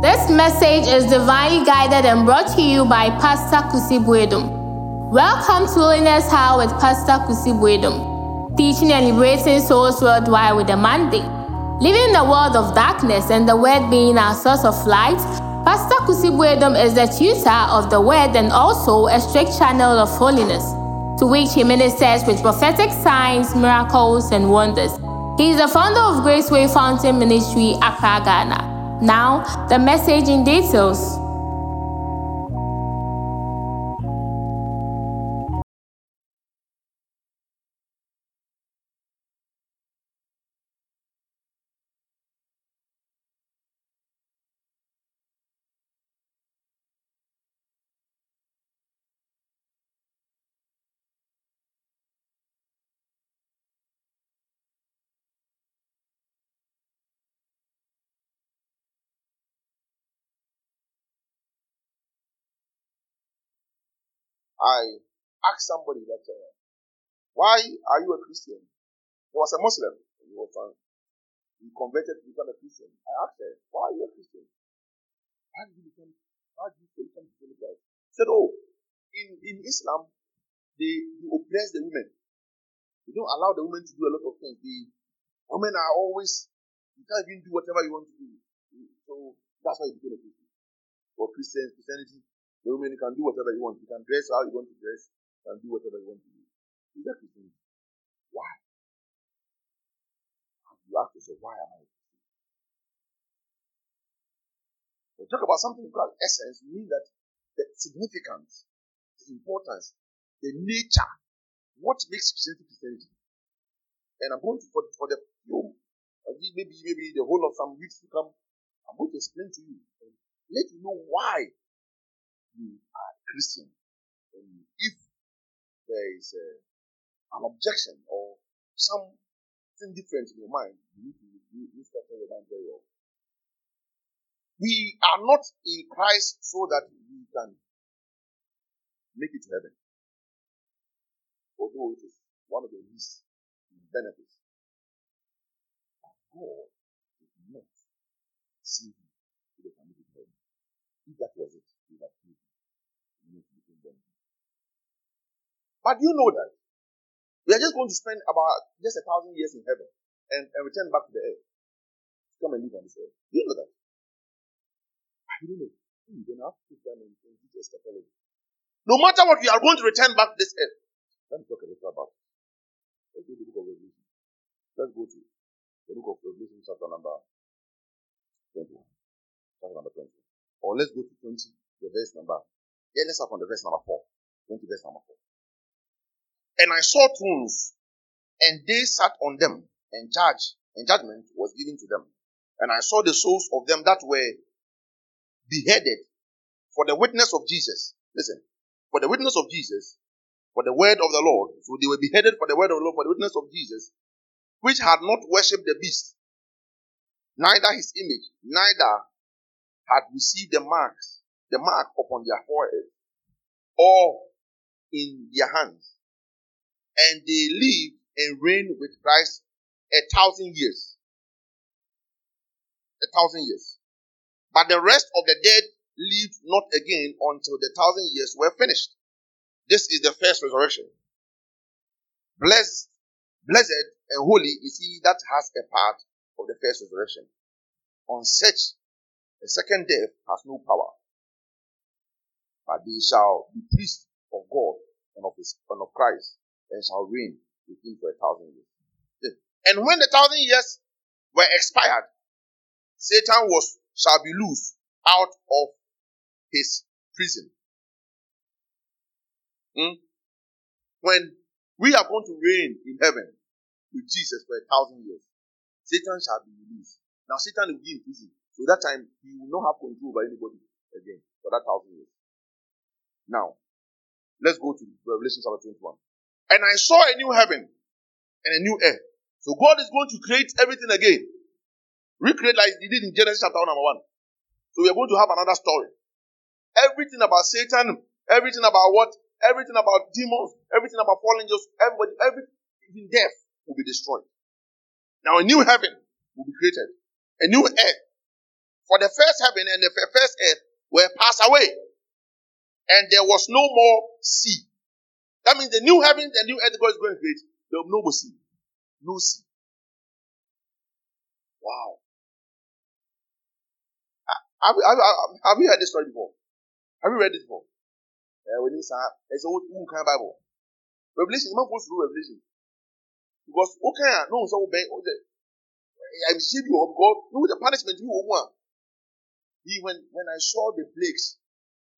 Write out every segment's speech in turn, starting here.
This message is divinely guided and brought to you by Pastor Kusi Buedum. Welcome to Holiness Hour with Pastor Kusi Buedum, teaching and liberating souls worldwide with a mandate. Living the world of darkness and the Word being our source of light, Pastor Kusi Buedum is the tutor of the Word and also a strict channel of holiness, to which he ministers with prophetic signs, miracles, and wonders. He is the founder of Graceway Fountain Ministry, Accra, Ghana. Now, the message in details. I asked somebody that, uh, why are you a Christian? He was a Muslim. He, was, he converted to become a Christian. I asked her, why are you a Christian? Why did you become, why did you become Christian? He said, oh, in, in Islam, they, they oppress the women. They don't allow the women to do a lot of things. The women are always, you can't even do whatever you want to do. So that's why you became a Christian. For Christian, Christianity the woman, you can do whatever you want. You can dress how you want to dress You can do whatever you want to do. Is that the thing? Why? And you ask yourself, why am I We talk about something called essence, mean that the significance, the importance, the nature, what makes Christianity Christianity. And I'm going to, for, for the few, maybe maybe the whole of some weeks to come, I'm going to explain to you and let you know why you are a Christian, and if there is a, an objection or something different in your mind, you need to restructure your mind very well. We are not in Christ so that we can make it to heaven. Although it is one of the least benefits. But God did not see him to the family of heaven. If that was it, But do you know that we are just going to spend about just a thousand years in heaven and, and return back to the earth. Come and live on this earth. Do You know that. I don't know. You don't have to them in, in eschatology. No matter what, we are going to return back to this earth. Let me talk a little about it. Let's go to the book of Revelation. Let's go to the book of Revelation, chapter number 21. Chapter number 20. Or let's go to 20, the verse number. Yeah, let's start from the verse number 4. 20, verse number 4. And I saw thrones, and they sat on them, and judge and judgment was given to them. And I saw the souls of them that were beheaded for the witness of Jesus. Listen, for the witness of Jesus, for the word of the Lord. So they were beheaded for the word of the Lord, for the witness of Jesus, which had not worshipped the beast, neither his image, neither had received the marks, the mark upon their forehead, or in their hands and they live and reign with Christ a thousand years. A thousand years. But the rest of the dead lived not again until the thousand years were finished. This is the first resurrection. Blessed, blessed and holy is he that has a part of the first resurrection. On such a second death has no power. But they shall be priests of God and of, his, and of Christ and shall reign with him for a thousand years. And when the thousand years were expired, Satan was shall be loose out of his prison. Hmm? When we are going to reign in heaven with Jesus for a thousand years, Satan shall be released. Now Satan will be in prison. So that time he will not have control over anybody again for that thousand years. Now, let's go to Revelation chapter 21. And I saw a new heaven and a new earth. So God is going to create everything again. Recreate like he did in Genesis chapter 1, number 1. So we are going to have another story. Everything about Satan, everything about what? Everything about demons, everything about fallen angels, everybody, everything, even death will be destroyed. Now a new heaven will be created. A new earth. For the first heaven and the first earth were passed away. And there was no more sea. That means the new heaven and new earth God is going to create, there will no sea. No sea. Wow. Ah, have, have, have, have you heard this story before? Have you read this before? Uh, when it's, uh, it's old kind of Bible. Revelation, is not supposed to do Revelation. Because, okay, no one's all bad. I'm shame eh, you of oh God. No, the punishment you want. Oh he, when, when I saw the plagues,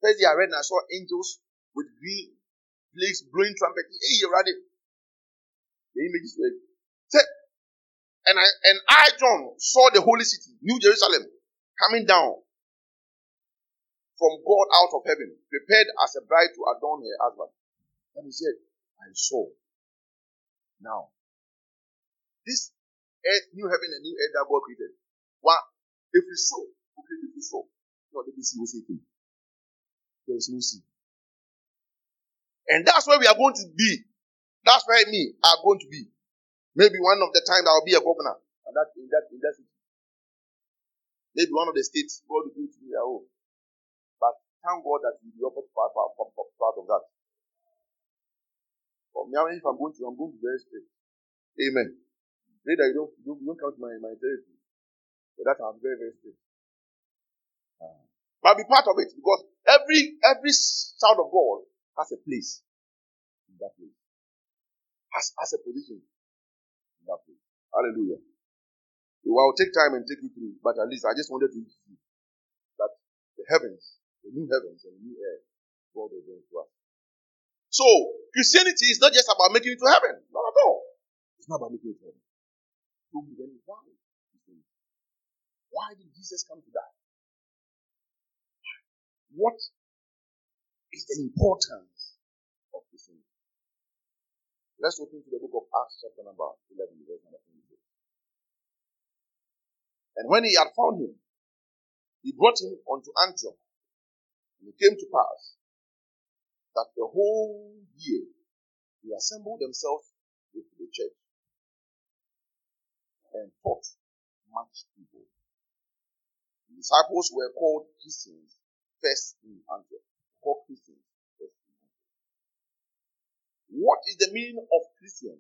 first day I read and I saw angels with green, plagues, blowing trumpet. Hey, already. The images were. Said, and I and I John saw the holy city, New Jerusalem, coming down from God out of heaven, prepared as a bride to adorn her husband. And he said, I saw. Now, this earth, new heaven, and new earth that God created. What if we saw? Okay, if we saw. Not if see, we see There is no sea. And that's where we are going to be. That's where me are going to be. Maybe one of the time I'll be a governor and that in that in that city. Maybe one of the states God will do to me at home. But thank God that we offered part, part, part, part of that. For me, if I'm going to, I'm going to very straight. Amen. Pray that you don't, you don't, count my, my territory. For that I'm very, very straight. Uh-huh. But be part of it because every every child of God has a place in that place, has, has a position in that place. Hallelujah. So I'll take time and take you through, but at least I just wanted to see that the heavens, the new heavens and the new earth, God is going to us. So, Christianity is not just about making it to heaven. Not at all. It's not about making it to heaven. So then why? Why did Jesus come to die? What is the importance of this thing. Let's open to the book of Acts, chapter number 11, verse number 22. And when he had found him, he brought him unto Antioch. And it came to pass that the whole year they assembled themselves with the church and taught much people. The disciples were called Christians first in Antioch call Christians What is the meaning of Christian?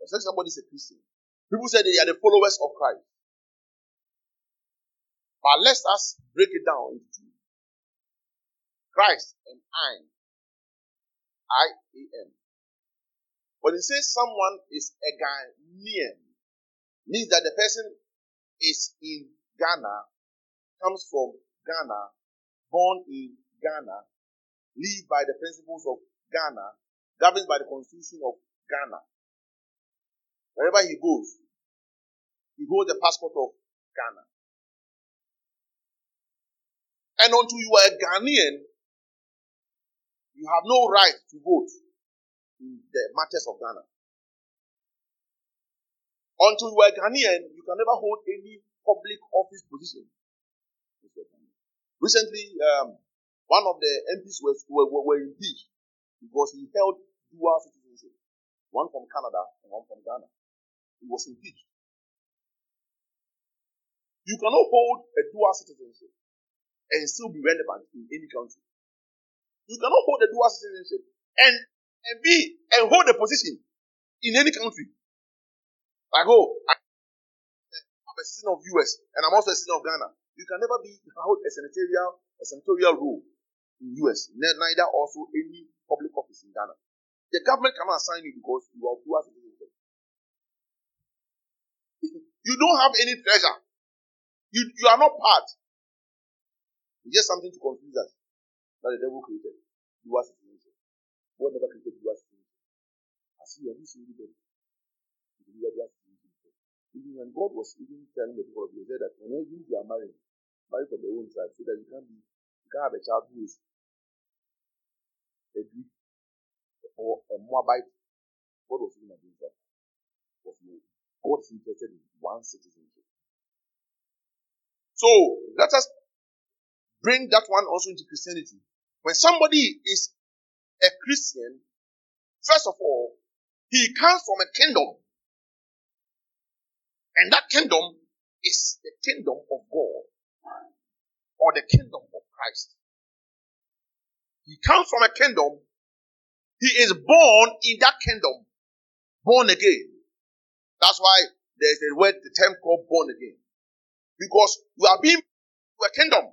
It's say somebody is a Christian. People say they are the followers of Christ. But let us break it down into two. Christ and I. I A M. When it says someone is a Ghanaian, means that the person is in Ghana, comes from Ghana, born in Ghana live by the principles of Ghana, governed by the constitution of Ghana. Wherever he goes, he holds the passport of Ghana. And until you are a Ghanaian, you have no right to vote in the matters of Ghana. Until you are a Ghanaian, you can never hold any public office position. Recently, um, one of the MPs was, were, were, impeached because he held dual citizenship, one from Canada and one from Ghana. He was impeached. You cannot hold a dual citizenship and still be relevant in any country. You cannot hold a dual citizenship and, and be and hold a position in any country. I go. Oh, I, I'm a citizen of US and I'm also a citizen of Ghana. You can never be hold a senatorial a senatorial role in US, neither also any public office in Ghana. The government cannot assign you because you are dual citizen. you don't have any treasure. You, you are not part. It's just something to confuse us that the devil created. You are citizenship. God never created as citizenship. I see you are missing the You are dual Even when God was even telling the people of Israel that whenever you are married, marry from your own tribe so that you can be garbage out waste. A Greek or a Moabite, God was looking against that. Was God is interested in one citizenship. So let us bring that one also into Christianity. When somebody is a Christian, first of all, he comes from a kingdom. And that kingdom is the kingdom of God or the kingdom Christ. He comes from a kingdom. He is born in that kingdom. Born again. That's why there's a word, the term called born again. Because you are being to a kingdom.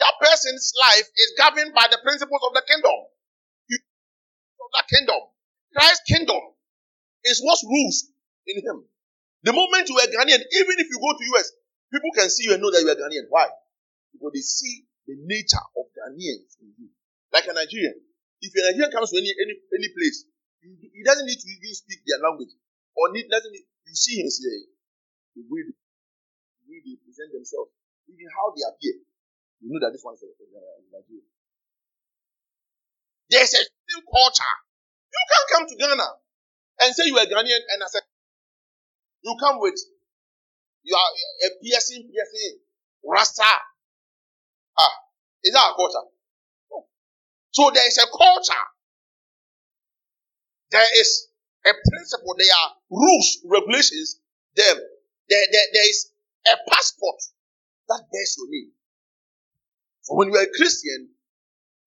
That person's life is governed by the principles of the kingdom. of that kingdom. Christ's kingdom is what rules in him. The moment you are Ghanaian, even if you go to US, people can see you and know that you are Ghanaian. Why? because they see the nature of Ghanaians in you. Like a Nigerian. If a Nigerian comes to any any, any place, he doesn't need to even speak their language. Or need doesn't need, you see him say eh, the way they, the way they present themselves, even how they appear. You know that this one is a, a Nigerian. There's a same culture. You can't come to Ghana and say you are Ghanaian and I said You come with you are a piercing, piercing, rasta, Ah, is that a culture? No. So there is a culture. There is a principle. There are rules, regulations. There, there, there, there is a passport that bears your name. So when you are a Christian,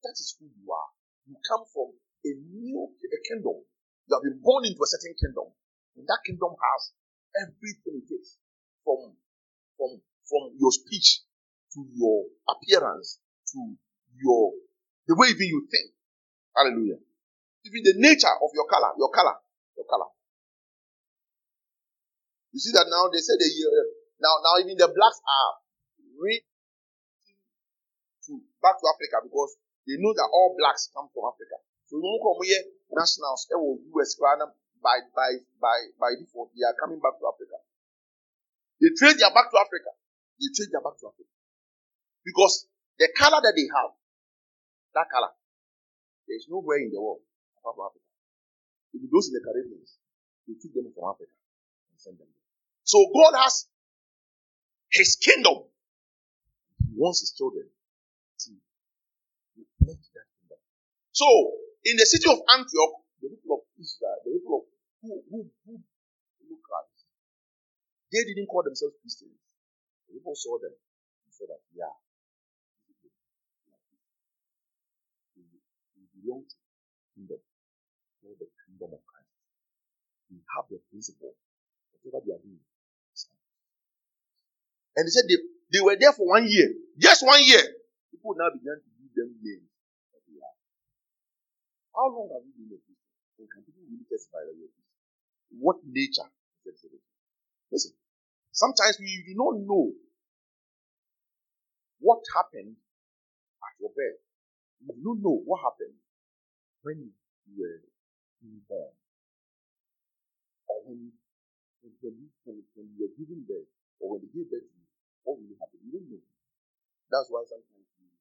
that is who you are. You come from a new a kingdom. You have been born into a certain kingdom. And that kingdom has everything it takes. From, from, from your speech to your appearance, to your the way even you think. Hallelujah. Even the nature of your color, your color, your color. You see that now they say they uh, now now even the blacks are reaching to back to Africa because they know that all blacks come from Africa. So you won't come here nationals eh, US by by by by default they are coming back to Africa. They trade their back to Africa. They trade their back to Africa. Because the color that they have, that color, there's nowhere in the world apart from Africa. If those in the Caribbean, they took them from Africa and sent them there. So God has his kingdom. He wants his children to reflect that kingdom. So in the city of Antioch, the people of Israel, the people of who who who look Christ, they didn't call themselves Christians. The people saw them and said that yeah, guilty in the, for the kingdom of Christ. We have the principle. Whatever they are doing. And they said they, they were there for one year. Just one year. People now began to give them names that they are. How long have you been a Christian? And can people really testify that you What nature is Listen, sometimes we do not know what happened at your birth. You do not know what happened when you in born. Or when, when, when, when you are given birth, or when they give birth to you, what will happen? You don't know. That's why sometimes you,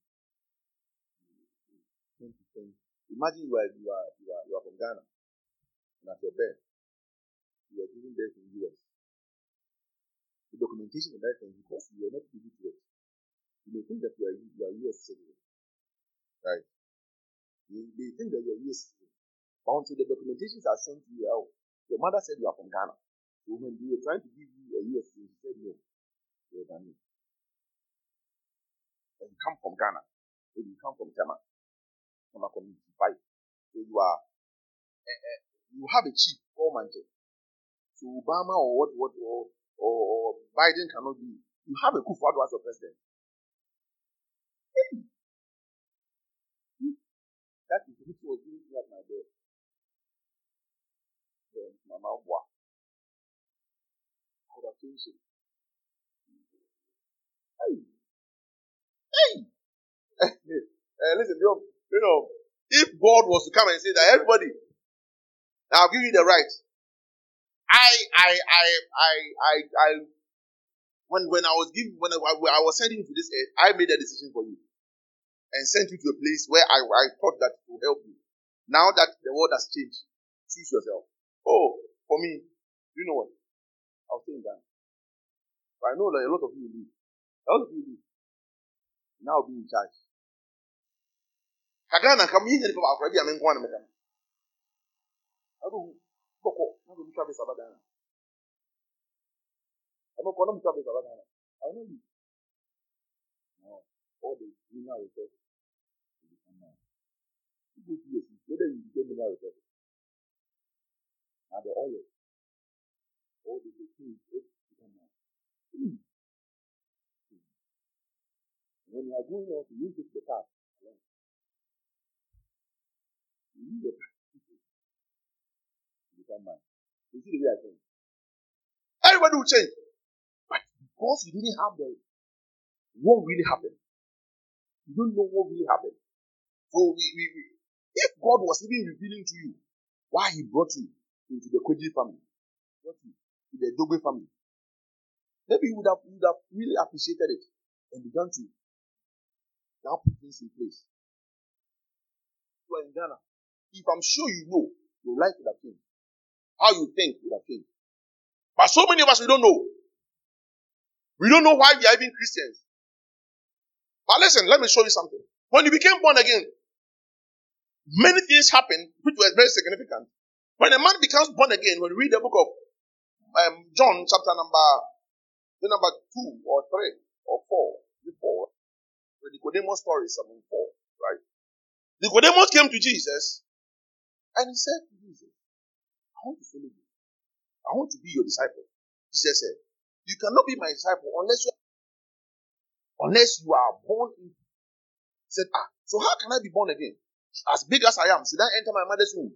you, tend to think. Imagine where you are, you are, you are from Ghana, and at your birth, you are given birth in the US. The documentation of that because you are not privy to it, you may think that you are, you are US citizen, right? they think that you're useful. But until the documentations are sent to you, oh, your mother said you are from Ghana. So when they were trying to give you a U.S. she said no, you're Ghanaian. And you come from Ghana, and you come from Tema, Tema community fight. So you are, eh, eh, you have a chief or mantle. So Obama or what, what, or, or, or Biden cannot be. You have a coup for as your president. Hey. That is which was doing me at my bed. Then Mama Obwa. I would Hey! Hey! uh, listen, you know, you know, if God was to come and say that everybody, I'll give you the right. I, I, I, I, I, I, when, when I was giving, when I, I, I was sending you to this earth, I made that decision for you and sent you to a place where I, I thought that it will help you. Now that the world has changed, choose yourself. Oh, for me, you know what? I'll say that. But I know that a lot of you leave. A lot of you leave. Now be in charge. Kagana All the to go through a system, then you become mineral resources. And the oil, all the things, it become now. When you are going out, you need to take the path You need the path become man. You see the way I think. Everybody will change. But because you didn't have the what really happened, you don't know what really happened. So we, we, we if God was even revealing to you why he brought you into the Kweji family, brought you to the Dogwe family, maybe you would have, you would have really appreciated it and begun to now put things in place. You are in Ghana. If I'm sure you know, your life would have changed. How you think would have changed. But so many of us, we don't know. We don't know why we are even Christians. But listen, let me show you something. When you became born again, many things happened which were very significant. When a man becomes born again, when we read the book of um, John, chapter number the number two or three or four, before the Nicodemus story is something four, right? Nicodemus came to Jesus and he said to Jesus, I want to follow you. I want to be your disciple. Jesus said, You cannot be my disciple unless you unless you are born in. He said, Ah, so how can I be born again? As big as I am, should I enter my mother's womb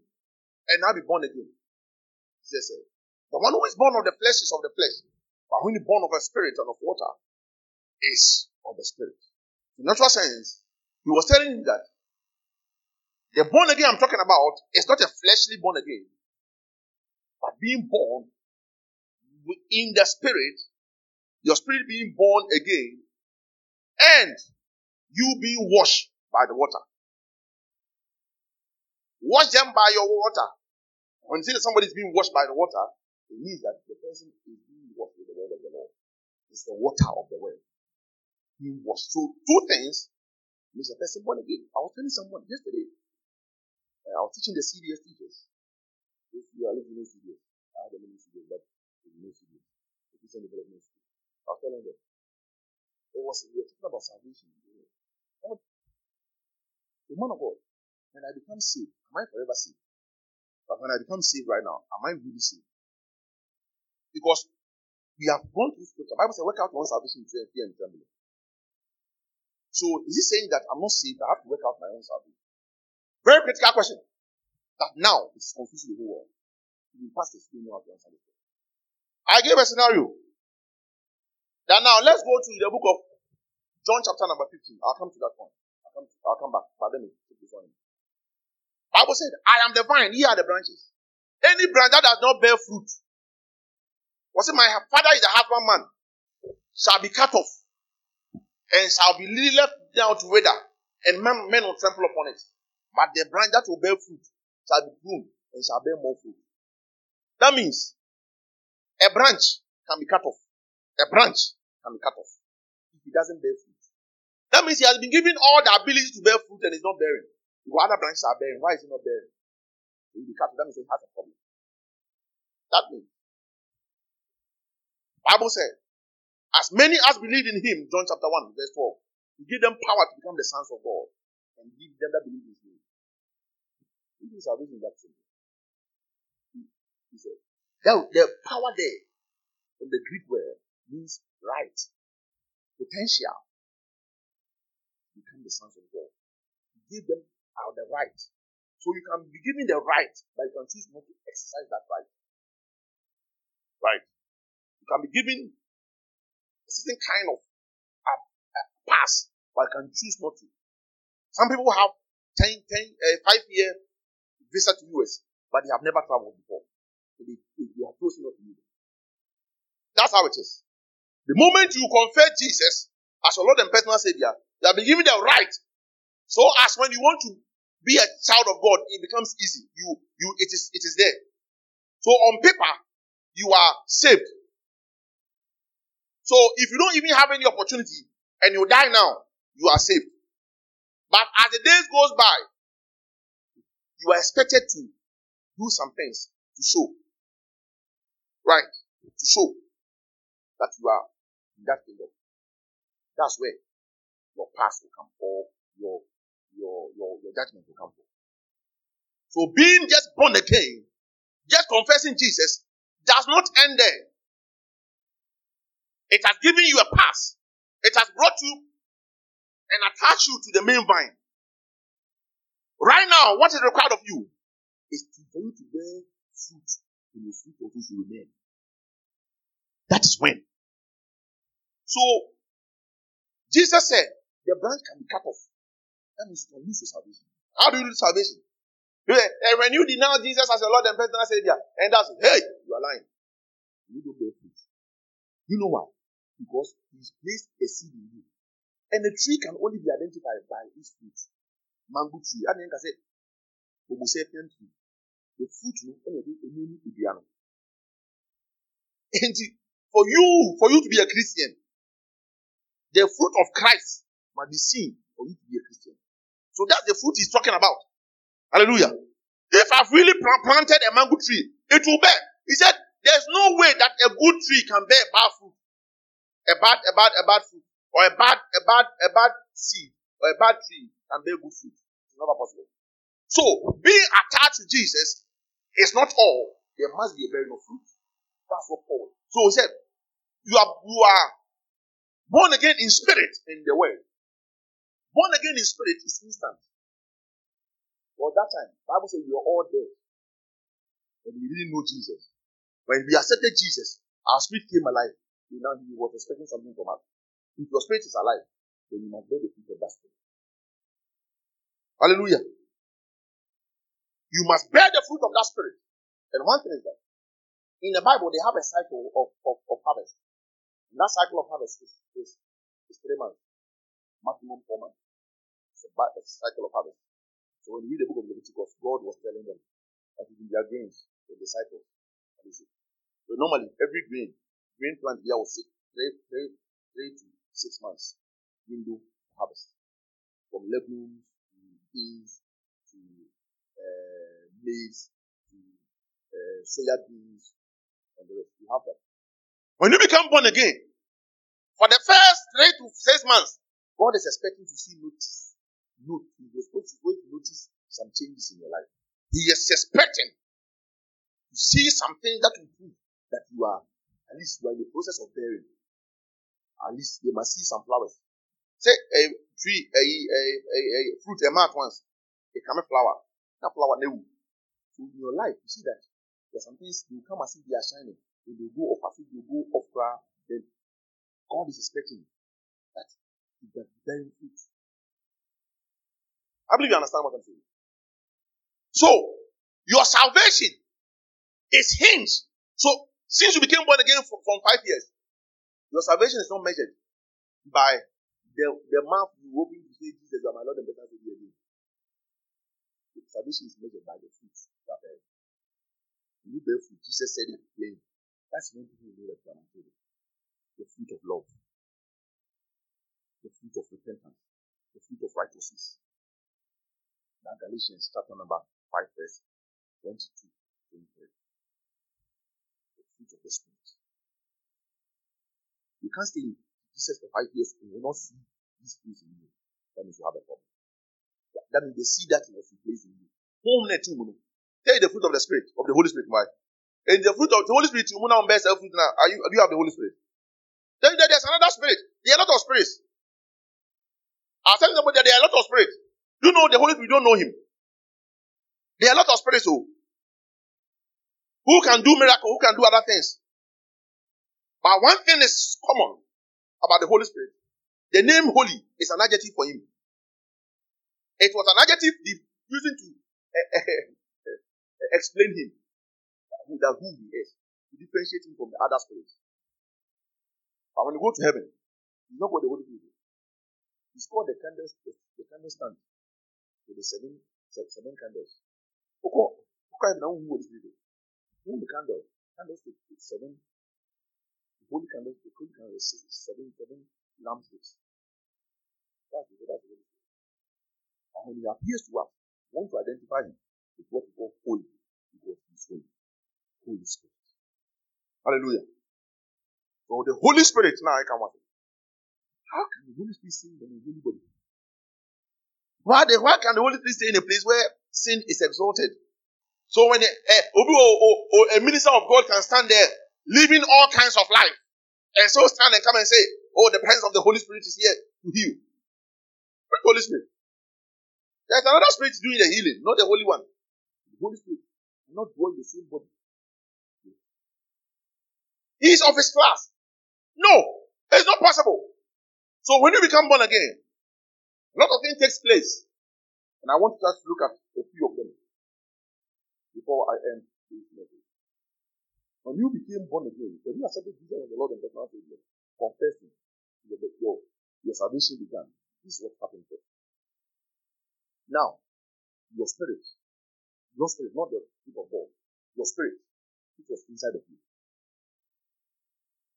and now be born again? Jesus said, The one who is born of the flesh is of the flesh, but when born of a spirit and of water is of the spirit. In natural sense, he was telling him that the born again I'm talking about is not a fleshly born again, but being born in the spirit, your spirit being born again, and you being washed by the water. Wash them by your water. Until somebody is being washed by the water, it means that the person is being washed with the word of the Lord. It's the water of the word. He washed. So two things makes a person born again. I was telling someone yesterday. I was teaching the CDS teachers. If you are living in CDS, I don't know CDS, but no CDS. The Christian I was telling them. It was we were talking about salvation. The man of God, when I become saved, am I forever saved? But when I become saved right now, am I really saved? Because we have gone through scripture. Bible says, work out one's salvation with fear and trembling. So is he saying that I'm not saved? I have to work out my own salvation. Very critical question. That now is confusing the whole world. Even pastors don't know how to answer the I gave a scenario. That now let's go to the book of John chapter number 15. I'll come to that point. I'll come, to, I'll come back. Pardon me. Bible said, I am the vine, ye are the branches. Any branch that does not bear fruit, was it my father is a husband man, shall be cut off, and shall be left down to wither, and men, men will trample upon it. But the branch that will bear fruit shall be pruned and shall bear more fruit. That means a branch can be cut off. A branch can be cut off if it doesn't bear fruit. That means he has been given all the ability to bear fruit and is not bearing. What other branches are bearing? Why is it not bearing? It will be cut. That means it has a problem. That means. Bible said, as many as believe in him, John chapter 1, verse four, he gave them power to become the sons of God and give them that believe in his name. It is salvation that he, he said. The, the power there in the Greek word means right, potential, become the sons of God. He gave them are the right. So you can be given the right, but you can choose not to exercise that right. Right. You can be given a certain kind of a, uh, a uh, pass, but you can choose not to. Some people have 10, 10, uh, 5 year visa to US, but they have never traveled before. So they, they, are close enough to you. That's how it is. The moment you confess Jesus as your Lord and personal Savior, you have been given the right. So as when you want to be a child of God, it becomes easy. You, you, it is, it is there. So on paper, you are saved. So if you don't even have any opportunity and you die now, you are saved. But as the days goes by, you are expected to do some things to show, right? To show that you are in that kingdom. That's where your past will come or your your, your, your judgment will come forth. So being just born again, just confessing Jesus, does not end there. It has given you a pass. It has brought you and attached you to the main vine. Right now, what is required of you is to bear fruit, the fruit of which you remain. That is when. So, Jesus said, the branch can be cut off. That means you lose your salvation. How do you lose salvation? And when you denounce Jesus as your Lord and personal Savior, and that's hey, you are lying. You don't bear fruit. You know why? Because He's placed a seed in you. And a tree can only be identified by its fruit. Mango tree. And then I said, Homo tree. The fruit will only be a And for you, for you to be a Christian, the fruit of Christ must be seen for you to be a Christian. So that's the fruit he's talking about. Hallelujah. If I've really planted a mango tree, it will bear. He said, there's no way that a good tree can bear a bad fruit. A bad, a bad, a bad fruit. Or a bad, a bad, a bad seed. Or a bad tree can bear good fruit. It's never possible. So, being attached to Jesus is not all. There must be a bearing of fruit. That's what Paul. So he said, you are, you are born again in spirit in the world." Born again in spirit is instant. But that time, Bible says we are all dead. When we didn't know Jesus. When we accepted Jesus, our spirit came alive. We now we was expecting something from us. If your spirit is alive, then you must bear the fruit of that spirit. Hallelujah. You must bear the fruit of that spirit. And one thing is that in the Bible they have a cycle of, of, of harvest. And that cycle of harvest is, is, is three months, maximum four months the, back, the cycle of harvest. So when you read the book of Leviticus, God was telling them that in their grains, the disciples, So normally, every grain, grain plant here will take three, three, three to six months window harvest. From legumes to beans to uh, maize to uh, soya beans and the rest. You have that. When you become born again, for the first three to six months, God is expecting to see notice note, he was going to notice some changes in your life. He is expecting to see something that will prove that you are, at least you are in the process of bearing. At least they must see some flowers. Say a tree, a, a, a, a fruit, a man once, a common flower. That flower, no. So in your life, you see that there are some things they come and see they are shining. They will go off, they will go off, then God is expecting that you can bearing fruit. I believe you understand what I'm saying. So, your salvation is hinged. So, since you became born again from, from five years, your salvation is not measured by the, the mouth you open to say, Jesus, you are my Lord and better Savior. Your salvation is measured by the fruit that bear. You bear fruit. Jesus said it plain. That's when people know that you are my Savior. The fruit of love, the fruit of repentance, the fruit of righteousness, now Galatians chapter number 5 verse 22 The fruit of the Spirit. You can't stay in Jesus for five years and you will not see these things in you. That means you have a problem. That means they see that it was replaced in you. Home net you Tell you the fruit of the Spirit, of the Holy Spirit, my. And the fruit of the Holy Spirit, you must now bear self fruit now. Are you, do you have the Holy Spirit? Tell you that there's another spirit. There are a lot of spirits. I tell somebody that there are a lot of spirits. You know the Holy Spirit, you don't know him. There are a lot of spirits who, oh, who can do miracles, who can do other things. But one thing is common about the Holy Spirit. The name holy is an adjective for him. It was an adjective using to uh, uh, explain him who, that who he is, to differentiate him from the other spirits. But when you go to heaven, you not what the Holy Spirit. He's called the candle, the, the stand with the seven seven candles. ok, Oko now who was reading. Who the candle? Candles with, seven the holy candles, the holy candles seven, seven lampshades. That's the that's the And when he appears to us, want to identify him with what we call holy, because he holy. Holy Spirit. Hallelujah. So the Holy Spirit now I come out. How can the Holy Spirit sing when the holy body? Why, the, why can the Holy Spirit stay in a place where sin is exalted? So when a, a, or, a minister of God can stand there living all kinds of life and so stand and come and say, Oh, the presence of the Holy Spirit is here to heal. But Holy Spirit. There's another spirit doing the healing, not the Holy One. The Holy Spirit not doing the same body. He's of his class. No, it's not possible. So when you become born again, a lot of things takes place. And I want to just look at a few of them before I end this message. When you became born again, when you accepted Jesus as the Lord and personal Savior, confessing your, your, your salvation began. This is what happened first. Now, your spirit, your spirit, not the people of God, your spirit, which was inside of you,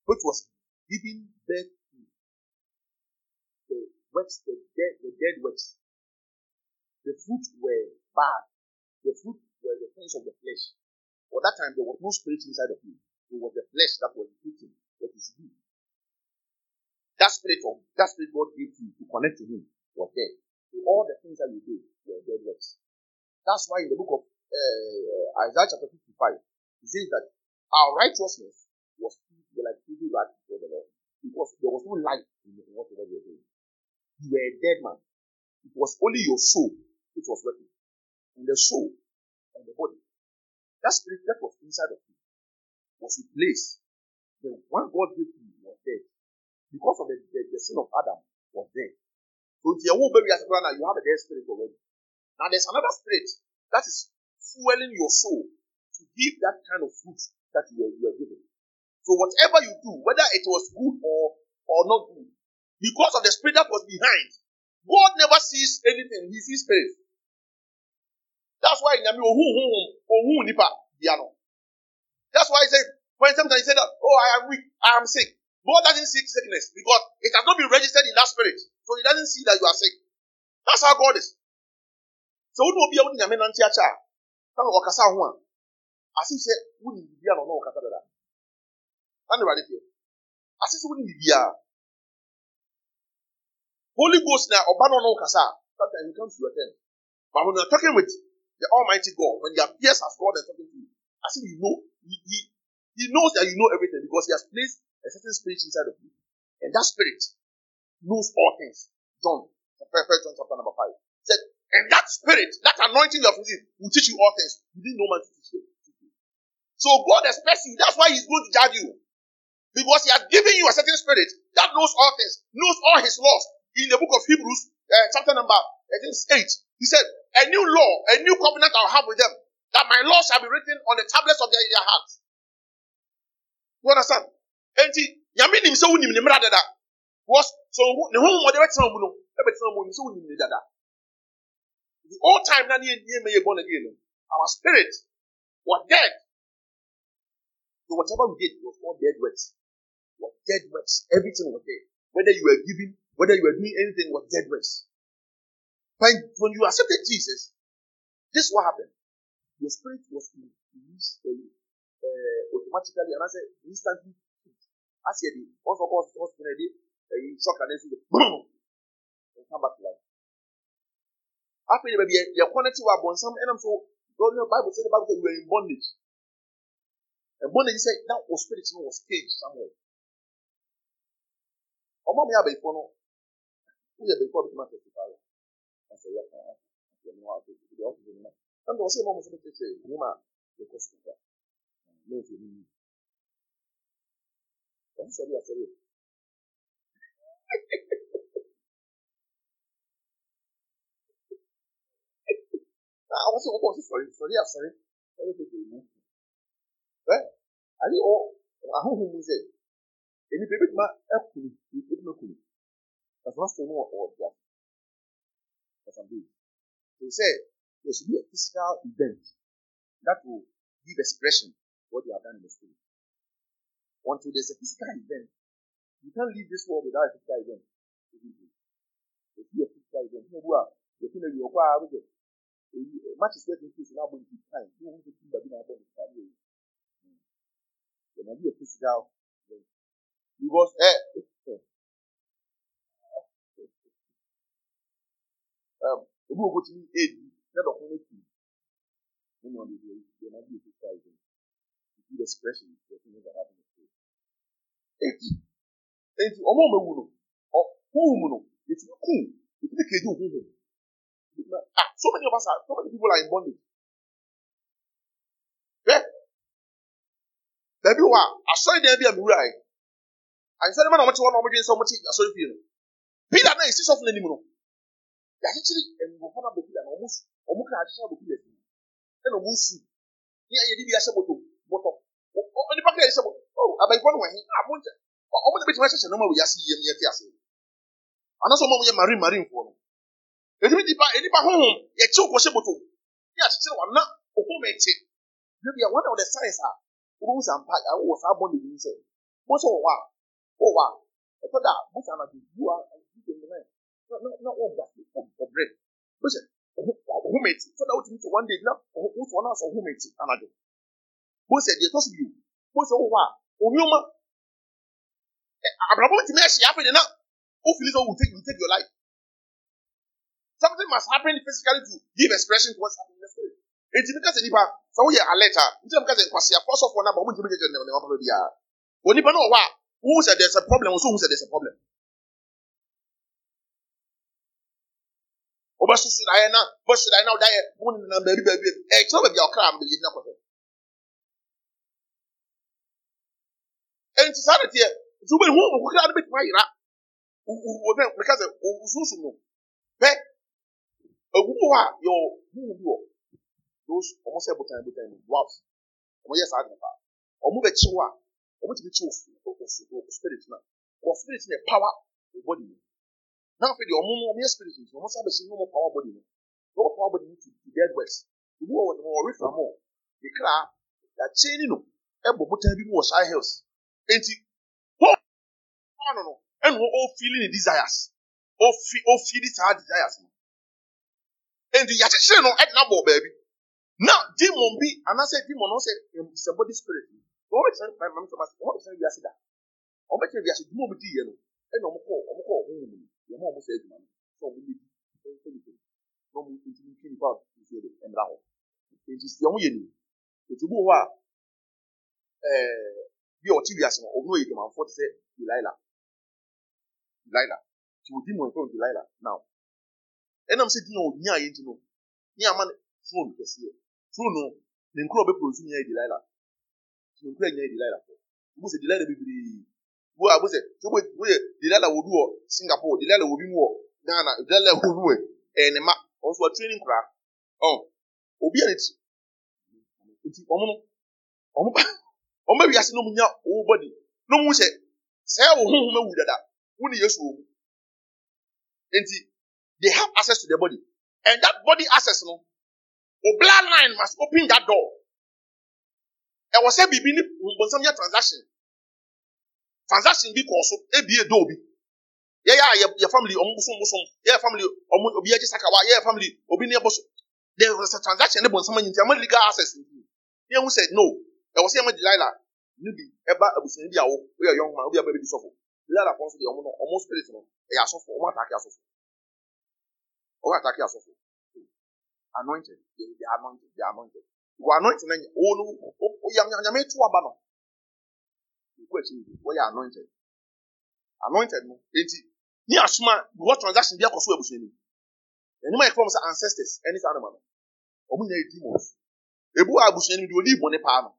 which was giving birth the dead, the dead works. The fruit were bad. The fruit were the things of the flesh. For that time, there was no spirit inside of you. It was the flesh that was eating what is you. That spirit of that spirit God gave you to connect to Him was dead. So all the things that you do were dead works. That's why in the book of uh, Isaiah chapter 55, it says that our righteousness was like people that before the Lord because there was no life in what we were doing you were a dead man. It was only your soul which was working, and the soul and the body. That spirit that was inside of you was replaced. The one God gave you was dead because of the, the, the sin of Adam was dead. So if you're baby as a now you have a dead spirit already. Now there's another spirit that is fueling your soul to give that kind of fruit that you are, you are given. So whatever you do, whether it was good or or not good, because of the spirit that was behind. God never sees anything, He sees spirit. That's why Nyami Ohun Nipa Diano. That's why he said, when sometimes he said, that, oh, I am weak, I am sick. God doesn't see sickness because it has not been registered in that spirit. So He doesn't see that you are sick. That's how God is. So who will be able to Nyami Nanti Acha? Tano kasa Huan. As he said, who will be able to Okasa Dada? Tano Radifio. As he said, who will be able Holy Ghost now, abandon no Kasa, sometimes he comes to your tent. But when you're talking with the Almighty God, when he appears as God and talking to you, I see you know, he, he, he knows that you know everything because he has placed a certain spirit inside of you. And that spirit knows all things. John, John chapter number five. Said, and that spirit, that anointing you have received, will teach you all things. You didn't know man to teach you. So God expects you. That's why He's going to judge you. Because He has given you a certain spirit that knows all things, knows all His laws, in the book of Hebrews, uh, chapter number 8, he said, A new law, a new covenant I'll have with them, that my law shall be written on the tablets of their, hearts. You understand? Enti, nyame nim sɛ wonim ne mmara dada because so ne ho mmɔde bɛtena mu no ɛbɛtena mu nim sɛ wonim ne dada the old time na ne yɛ born again our spirit was dead so whatever we did was all dead works was dead works everything was dead whether you were giving whether you were doing anything was dead rest. When, when you accepted Jesus, this is what happened. Your spirit was released for you uh, automatically, and I said instantly. I said, once of course, once when I did, uh, you shock and then you boom, and come back to life. After the baby, your quantity was born some, and I'm so, God, the Bible said the Bible said you were in bondage. And bondage said that your spirit, was caged somewhere. Ọmọ mi àbẹ̀ ìfọ́nà Kuja oh, ya kana. Ya mwa watu. Kuja watu ni mwa. Kando wasi mwa mfuta kesi nyuma ya kosi kwa. Leo ni ya sababu. Ah, wasi kwa kosi sorry, sorry, sorry. Wale kesi Eh? Ali o ahuhu muze. Eni bebe tuma ekuni, bebe tuma ekuni. As not saying what order what I'm doing. So he said there should be a physical event that will give expression what you have done in the spirit. Until there's a physical event, you can't leave this world without a physical event. There should be a physical event, you know what? You know you are with it. Much is waiting getting peace now going to time. You want to think about being able to start There might be a physical event. Because eh, ebi wɔ kotumi ebi na dɔko no tu ne na ɔde yɛ yɛ na bi efi ka ebi ebi yɛ expression yɛ fi ne gana bi ne fi eti eti ɔmo ɔmo ewu no ɔ huu mu no eti kum eti ne keju ohun mu na ah so many of us are so many people are in bondage bɛ baabi wɔ a asɔre dan bi a mi wura e. yi ansa ne ma na ɔmo te hɔ na ɔmo dwe nsa ɔmo te asɔre fie no bi da na esi sɔfo n'anim no yɛakyekyere um, oh, oh, oh, nkurɔfoɔ ah, no abɛkila na ɔmo kra akyekyere abɛkila fi ɛna ɔmo nsu ne ayɛ de bi ahyɛ bɔtɔ bɔtɔ onipa kra yɛ sɛ o abayifoɔ no wɔ he abo nkyɛ ɔmo na bɛtumi ahyehyɛ nneɛma wɔ yɛase yie mu yɛte ase anaasɛ ɔmo a ɔmo yɛ marine marine foɔ no ɛtumi nipa nipa honhom yɛkyew kɔ hyɛ bɔtɔ ne akyekyere wɔn na ohom ɛkye ne bia wɔn na wɔde science a wɔbɛhu sɛ ampa awɔ saa bɔ ne bi nsɛ wɔn nso wɔ hɔ a wɔ hɔ a ɛtɔ da a busa anadwo bu a No, no, bread. na ɔba ɔbrɛ ɔsɛ ɔhoma eti sɛdeɛ wotumi sɛ one day now who who for or made it? wotu ɔna asɛ ɔhoma eti anadwo bose deɛ tɔso bio bose wɔ hɔ a onyoma abrabɔ ntumi ahyia afei de na ofili sɛ wotake you take your life something must happen physically to give expression to what's happening in the spirit eti mi kasa nipa sɛ woyɛ alert a nti na mi kasa nkwasi afɔ sɔfo na ba ɔmo ntumi gyegye ne ma papa biara onipa na know what. Who said there's a problem Who said there's a problem. wobɛsoso daeɛ na bɛhyɛ daeɛ na wodaeɛ mu nenam baabi baabi ɛkyerɛ baabi a ɔkra ma bɛyɛ na kɔtɛ ɛnti saa deteɛ nti wobɛhu wo kokra u u. ayera wɔbɛ meka sɛ wosunsun no pɛ agu hɔ a yɛwɔ huhu bi wɔ those ɔmo sɛ botan botan no dwarfs ɔmo yɛ saa adepa ɔmo bɛkyi hɔ a ɔmo tumi kyi wɔ spirit na O spirit na power wɔ body mu Now, for the ọmụmụ ọmụ spirit nso ọmụ sábà si ọmụ power body no ọmụ power body to to dead works ebi wọ ọmụ ọrị fam ọ ekra yakyɛ ni no ɛbɔ botan bi mu wɔ saa hills eti hope ɔno no ɛna ɔfili ne desires ɔfi ɔfili saa desires no eti yakyekyere no ɛna bɔ baabi na demon bi anase demon no sɛ sɛ body spirit wɔn bɛ kyerɛ mɛmɛmɛ sɛ wɔn bɛ kyerɛ wiase da wɔn bɛ kyerɛ wiase dumuni bi di yɛ no ɛna wɔn kɔ wɔn kɔ ɔmo wɔn wɔn a wɔn sɛ adwuma no sɛ wɔn bɛ di ɛnfɛ nipa na wɔn nti nfi nipa nfi yɛ de ɛmra hɔ nti si wɔn yɛ ni etu bi wɔ hɔ a ɛɛ bi a ɔkyi wiase no ɔno yɛ dwamanfoɔ te sɛ delaila delaila ti o di mu nfɛn delaila now ɛnam sɛ di na ɔnya yɛ nti no ne ama ne phone kɛseɛ phone no ne nkoro a ɔbɛ produce nyɛ delaila ne nkoro nyɛ delaila fɔ ɔmo sɛ delaila bebree wo a bose so wo woyɛ delala wo bi wɔ singapore delala wo bi mu wɔ ghana delala wo bi wɔ ɛɛ ne ma wɔn so wɔtwe ne nkura ɔn obi a ne ti nti wɔn no wɔn ba wɔn ba wiase na wɔn nya wɔn body na wɔn hyɛ sɛɛ wɔn honhom awu dada wɔn ne yesu wɔn nti they have access to their body and that body access no o blood line must open that door ɛwɔ sɛ biribi ne bɔnsɛm yɛ transaction transaction bi kɔɔ so ebie dɔɔ bi yɛyɛ a yɛ family ɔmo bosom bosom yɛyɛ family ɔmo obi akyi sakawa yɛyɛ family obi ne ɛbɔ so there was a transaction ne bɔ nsɛm anyi nti ama legal access nti yɛn ho sɛ no ɛwɔ sɛ yɛma delila ne bi ɛba abusua bi a wo oyɛ young man obi a bɛbi sɔfo delila pɔn so deɛ ɔmo no ɔmo spirit no ɛyɛ asɔfo ɔmo ataaki asɔfo ɔmo ataaki asɔfo anointing yɛ yɛ anointing yɛ anointing wɔ anointing na nyɛ wɔn no yam yam yam etu aba no question bi wɔyɛ anointed anointed no eti asuma the wɔ transaction bi akɔ so ebusua nim ɛnum a yɛ fɔm sɛ ancestors ɛne saa anamano ɔmo nyinaa demons ebu a abusua nim de odi ibɔ ne paa no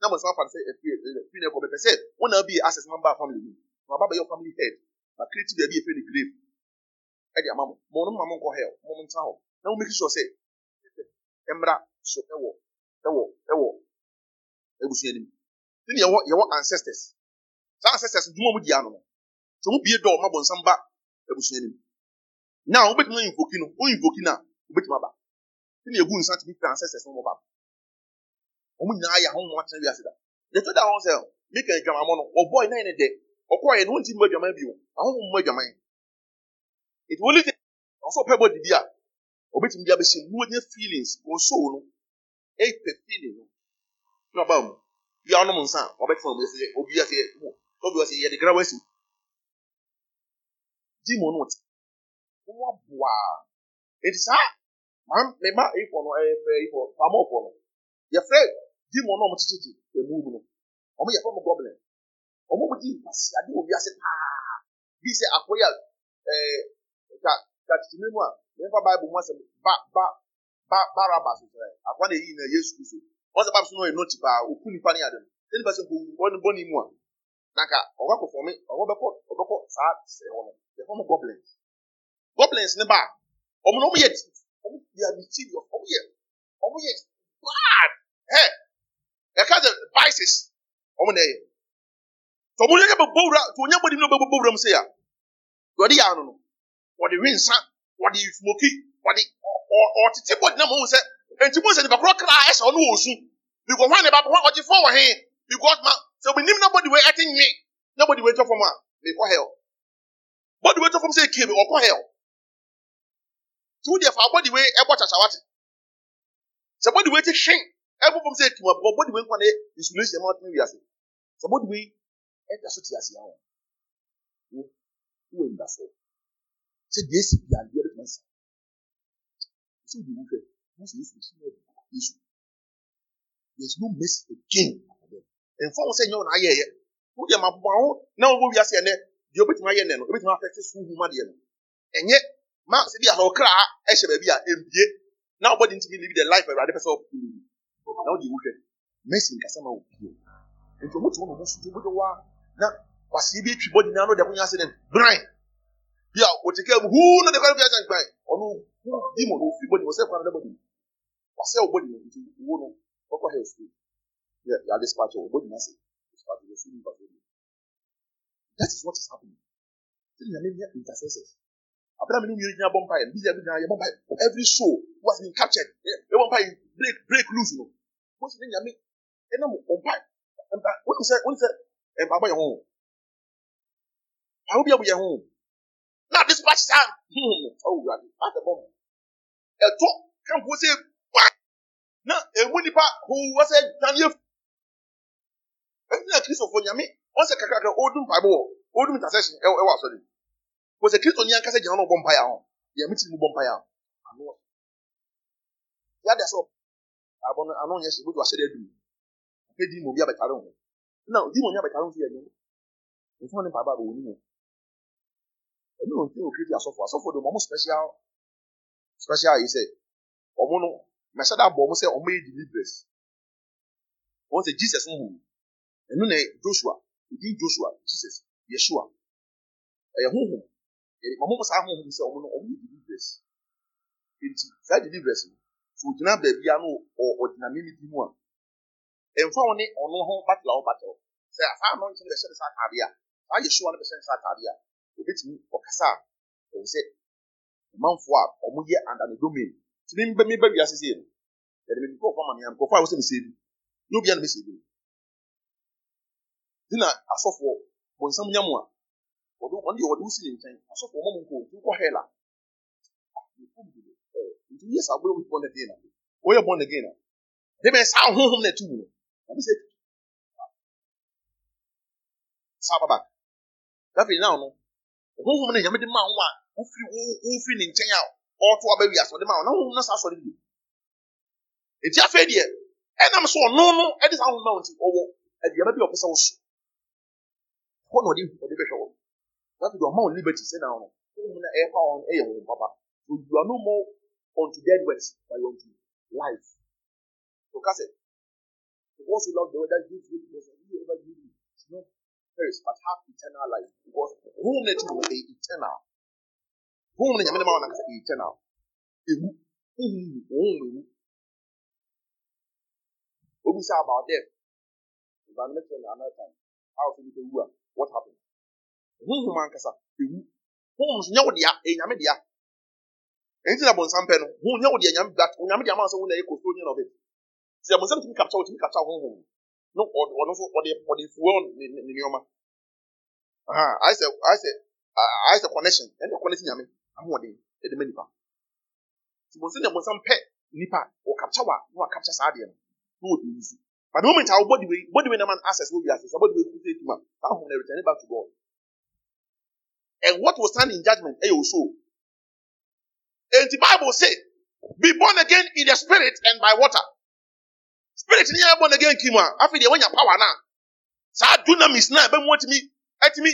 na mo nso afa sɛ efi efi na ɛkɔ bɛpɛ sɛ wɔn na bi access member family mi wɔn aba bɛyɛ family head na creative baabi efe ne grave ɛde ama mo mo ɔnum ma mo nkɔ hell mo mo ntena hɔ na mo make sure sɛ ɛmra so ɛwɔ ɛwɔ ɛwɔ ebusua nim ne yɛwɔ yɛwɔ ancestors saa ancestors dwuma mu di ano no sɛ mo bie dɔ ɔma bɔ nsɛm ba abusua nim na wobɛtumi ayɛ nfoki no wɔn nfoki no a wobɛtumi aba ne na egu nsa tumi pɛ ancestors wɔn ba wɔn nyinaa yɛ ahohom atena wiase da to da ahohom sɛ mika adwamamɔ no ɔbɔ ɛnan ne dɛ ɔkɔ ayɛ no wɔn ti mu adwaman bi wɔn ahohom mu adwaman eti wɔn lite ɔsɔ pɛ bɔ didi a ɔbɛtumi de abɛsi mu wɔn nyɛ feelings wɔn soul no ɛyɛ pɛ feeling no na ɔbaa mu bia ɔnom nsa a wɔbɛka wɔn ɛsɛ obi ase mu obi ase yɛde grawa asi gyi mu no te wɔn aboa eti saa maa ne ma efo no ɛyɛ fɛ efo faama ofo no yɛfrɛ gyi mu no a wɔtete emu mu no wɔn yɛ fɔm gɔblin wɔn mo di mpasi ade wɔ wiase paa bi sɛ akɔya ɛɛ ka ka titumi mu a ne nfa baibu mu asɛm ba ba ba barabas sɛ akɔya na eyi na yesu kristu ɔsɛ baabu so na ɔyɛ nɔɔkyi paa oku nipa ne yadɛm sɛ nipa sɛ nko wɔn bɔ ne mu a nanka ɔwɔ akɔ fɔmi ɔwɔ bɛkɔ ɔbɛkɔ saa sɛ wɔn yɛ fɔm goblins goblins ne ba ɔmo na ɔmo yɛ ɔmo yɛ mysterious ɔmo yɛ ɔmo yɛ bad hɛ ɛka sɛ vices ɔmo na ɛyɛ tɔ ɔmo yɛ bɛ bɔwura tɔ ɔnyɛ bɔ di mi na ɔbɛ bɔwura mu se ya wɔde yɛ ano no wɔde wi nsa wɔde smoky wɔde ɔ ɔ ɔtete bɔdi na mo ho sɛ nti mo sɛ nipa korɔ kra ɛsɛ ɔno wɔ su because wɔn a nipa wɔn ɔgye fɔ wɔ he because ma sɛ obi nim na body weight ɛte nwi na body weight tɔ fam a mekɔ hell body weight tɔ fam sɛ ekie mi ɔkɔ hell ti wo deɛ fa body weight ɛbɔ kyakyawa te sɛ body weight hwen ɛbɔ fam sɛ ekimu abɔ body weight nkwa na insulation ɛma ɔtɛn wiase sɛ body eh, weight ɛda so te ase awɔ wo wo nda so sɛ deɛ esi bia deɛ bi tuma sa nso di wu hwɛ. Most Muslims know the issue. There's no mercy again for them. And for us, you know, I hear wọ́n yẹ who bọ̀ àwọn And yet, wíwá sí ẹ̀ nẹ́ di o bí tìmọ̀ ayé ẹ̀ MBA. no o bí tìmọ̀ afẹ́ ti sùn hùwù má diẹ no ẹ̀nyẹ́ má ṣe bí àhọ́ kra ẹ̀ṣẹ̀ bẹ̀bí à ẹ̀mbíye náà ọ̀bọ̀ di ntìmí live the life ẹ̀rọ adé pẹ̀sẹ̀ ọ̀kùn mi náà ó di ìwúhẹ́ mẹ́sì nkàsá máa wò bí o ntọ́ mo tún wọn bọ̀ sùn tó bójú wá na wàsí ibi twi bọ́dì náà ló dẹ̀ kún yá sí body ɔsɛ ɔbɔ nyina nti wo no kɔkɔ hɛ sukuu yɛ yade spakye ɔbɔ nyina se spakye yɛ sukuu nipa so bi that is what is happening ti nyame nyɛ intercessors abena mi ni nyere nyina bɔ mpa yɛ bidia bi nyina yɛ bɔ mpa every soul who has been captured yɛ bɔ mpa yɛ break break loose no mo si ne nyame ɛnam ɔmpa mpa wɔn sɛ wɔn sɛ mpaabɔ yɛ ho awo bi a mo yɛ ho na adi spakye saa hmm ɔwura de adi bɔ na emu nipa huhu wɔsɛ daniel ɛnna kristofo nyame wɔsɛ kakraka ɔdu mpaebɔ wɔ ɔdu intercession ɛwɔ ɛwɔ asɔre wɔsɛ kristo ni ankasa gyina hɔ bɔ mpaeɛ ho yɛn mi ti mu bɔ mpaeɛ ho ano yada sɛ abɔ no ano nyɛ sɛ ebi do asɛ dɛ dum ɔkɛ di mu obi abɛtare ho na di mu onye abɛtare ho nso yɛ nyɛ nfa ne mpaebɔ abɔ wɔn mu ɛnu nti o kiri asɔfo asɔfo de ɔmo special special yi sɛ ɔmo no mɛhyɛ da abɔ ɔmo sɛ ɔmo yɛ deliverers wɔn sɛ jesus mo wɔm ɛnu na joshua edi joshua jesus yeshua ɛyɛ huhu ɛyɛ ɔmo mo saa huhu sɛ ɔmo no ɔmo yɛ deliverers eti saa deliverers no so gyina beebi ano ɔ ɔgyina mímí bi mu a ɛnfa wɔn ne ɔno ho battle a ɔbattle sɛ afa anɔ nkyɛn bɛhyɛ ne saa ataade a saa yeshua no bɛhyɛ ne saa ataade a obetumi ɔkasa a ɛwɔ sɛ mmanfoɔ a ɔmo yɛ under the domain. nti mi bɛ mi bɛ wiase se ama mi yam nkɔfo a wɔsɛ bi na a na mi di na asɔfoɔ bɔnsam nyamu a wɔde wɔn deɛ wɔde wusi ne nkyɛn asɔfoɔ wɔn mu nkɔ nti yɛ saa bɔyɛ bɔn na bɔn na de bɛ saa ahohom na mu no sɛ saa baba ahohom na a ɔɔto aba wi asɔre ma ɔnahu na saa asɔre bi eti afei deɛ ɛnam so ɔno no ɛde saa ahoma nti ɔwɔ aduaba bi a ɔpɛ sɛ ɔso hɔ na ɔde ɔde bɛhwɛ wɔn nafi do ɔma wɔn liberty sɛ na ɔno ɔmo na ɛyɛ pa wɔn ɛyɛ wɔn papa odua no mo unto dead works by unto life ɔka sɛ because you love the world that gives you the most of you ever give you no perish but have eternal life because who net will be eternal honhom no nyame no ma wo nankasa ɛyɛkyɛ na ɛwu honhom wu honhom ɛwu obisa about death environmental and another time how so nipa wu a what happen honhom ankasa ɛwu honhom nso nyɛ dea ɛyɛ nyame dea ɛnti e, na bɔnsam e, pɛ no honhom nyɛ dea nyame dea nyame dea maa sɛ wo na ɛyɛ kɔsoro nyɛ na ɔbɛ sɛ bɔnsam tumi kapsa tumi kapsa honhom no ɔno nso ɔde ɔde fuel ne ne nneɛma ayɛ sɛ ayɛ sɛ ayɛ sɛ connection ɛnna connection nyame ahoɔden ɛde ma nipa sibonsin na bonsam pɛ nipa ɔkapcha wa na wakapcha saa adeɛ no na wɔde nsu but the moment a wo body weight body weight na man access wo wiase sa body weight kuta etuma that home na return back to God and what will stand in judgment ɛyɛ oso and the bible say be born again in the spirit and by water spirit ni yɛn born again kim a afei deɛ wɔnya power na saa dunamis na ɛbɛn mu ɛtumi ɛtumi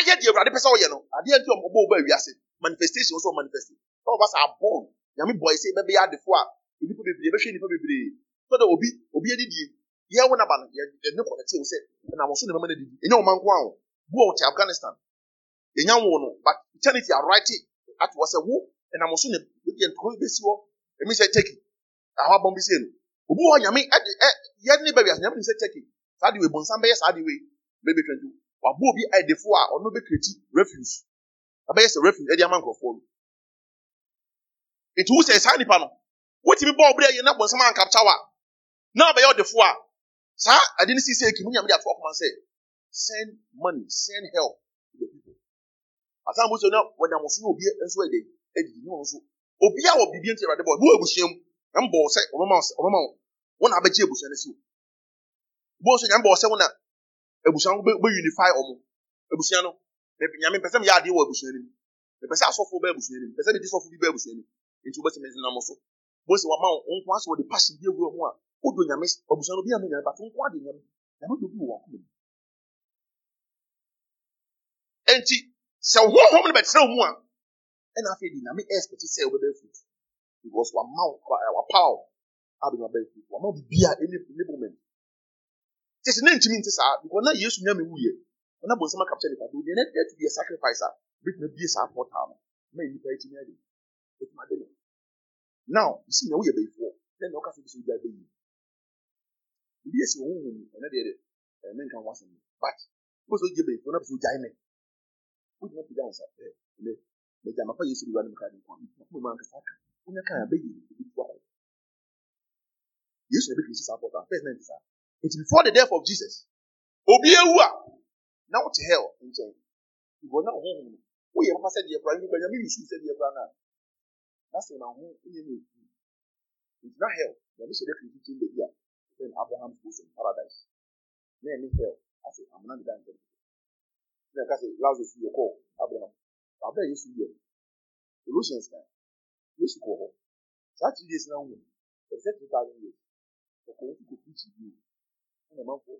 ayɛ deɛ awurade pɛ sɛ ɔyɛ no adeɛ nti ɔmɔ bɔ ɔbɛ wiase manifestation also manifestation some of us are born nyame bɔ ɛsɛ bɛbɛ yɛ adefo a nipa bebree bɛhwɛ nipa bebree so that obi obi yɛ didie yɛn wɔn aba no yɛ yɛn ne kɔnɛte o sɛ ɛna wɔn so na mɛmɛ na didi enya wɔn manko awo bu a wɔte afghanistan enya wɔn no but eternity arighte ati wɔ sɛ wo ɛna wɔn so na ebi yɛ ntɔn besi hɔ emi sɛ turkey aho abɔn bi se no obi wɔ oh, nyame ɛdi ɛ yɛ ne bɛbi ase nyame ne sɛ turkey saa de wei bonsan bɛyɛ saa de wei bɛbi twenty wabu obi ɛdefo eh, a ɔno bɛ kreti refuse abɛyɛ sɛ refin ɛde ama nkurɔfoɔ no nti wusɛ saa nipa no wotumi bɔ ɔbɛrɛ yɛn na bɔnsɛm ankapcha wa na ɔbɛyɛ ɔdefo a saa ade no sisi ekim nyame de ato ɔkoma sɛ send money send help to the people asan bó so na wɔnam so na obi nso ɛdɛ ɛdidi ne wɔn so obi a wɔ biribi nti ɛwɛde bɔ ɛmu wɔ ebusua mu ɛmu bɔ sɛ ɔmɛma ɔmɛma wɔn na abɛgye ebusua no si wɔn so nyame bɔ sɛ wɔn na ebusua no bɛ unify ɔmo ebusua no ebi nyame mpɛsɛ mi yɛ adeɛ wɔ abusua nim mpɛsɛ asɔfo bɛ abusua nim mpɛsɛ didi sɔfo bi bɛ abusua nim nti wobɛsi mi nam so bose wama wo nko asɛ wɔde passion bi egu ho a wodo nyame abusua no bi ame nyame bato nko ade nyame nyame do bi wɔ akoma mu enti sɛ honhom no bɛtena mu a ɛna afei de nyame expect sɛ wobɛbɛ fruit because wama wo wapaw ade wabɛ fruit wama wo biribi a ɛne ne bɔ mɛm tete ne ntumi nte saa because na yesu nyame wuyɛ na bɔ nsɛm akapkyɛ nipa do deɛ na deɛ to be a sacrifice a bitima bie saa pɔtaa no mɛ nipa eti na ɛde etum ade no now bisi na woyɛ bɛyifoɔ na na ɔka so bisi obi abɛyi ebi esi wɔn wɔn mu ɛna deɛ ɛɛ ne nka ho asɛm but bó so gye bɛyifoɔ na bɛ so gyae mɛ wogyina pe gya nsa ɛɛ ɛnɛ mɛgya mapa yesu bi wa ne mu ka ne nkwa nkwa kuma mu ankasa aka wonya kan abɛyi ebi tu akɔ yesu na ebi kiri si saa pɔtaa first night saa it before the death of jesus obi ewu a na wote hell nkyɛn ìwọ na ɔhohom no woyɛ papa sɛdeɛ kora nyimpa nyame yusu sɛdeɛ kora no a na sɛ na ho nyɛ no ɛfi nti na hell nyame hyɛ dɛ kiri fitin baabi a ɛfɛ no abraham bosom paradise na ɛne hell ase amena ne da nkyɛn na ɛka sɛ lazarus yɛ kɔɔ abraham abra yesu yɛ erosions Solutions yesu kɔ hɔ saa three days na wɔn ɛsɛ two thousand years ɔkɔ wɔn ti kɔ preach bi o ɛna ɛmanfo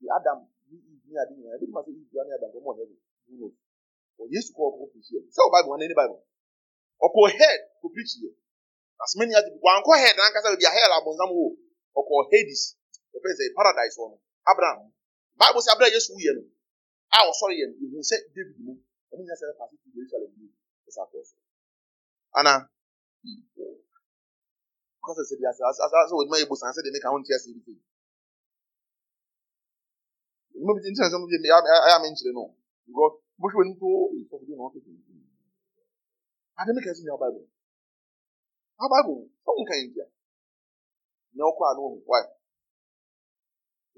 di adam ni eve ni adi nyinaa ebi ma sɛ eve ani adam ɔmo ɔhɛbi who knows but yesu kɔ ɔkɔ preach yɛ sɛ o bible wɔn ani bible ɔkɔ head kɔ preach yɛ asemeni adi wankɔ head nankasa ebi a head abɔnsam wo ɔkɔ hades ɔfɛ sɛ paradise wɔ abraham bible sɛ abraham yesu yɛ no a ɔsɔre yɛ no ehu sɛ david mu ɔmo nyɛ sɛ ɛfa so ti jerusalem mu ɛsɛ akɔ so ana ɔkasa sɛ bi asɛ asɛ asɛ wɔn nyinaa yɛ bosan sɛ deɛ ne ka ho nti asɛ ebi tɛ yi. não me interessa, não me é a mente de não. Igual, vou chover muito, só que não tem ninguém. A gente quer ensinar o Bible. A Bible, só India. Não qual não, why?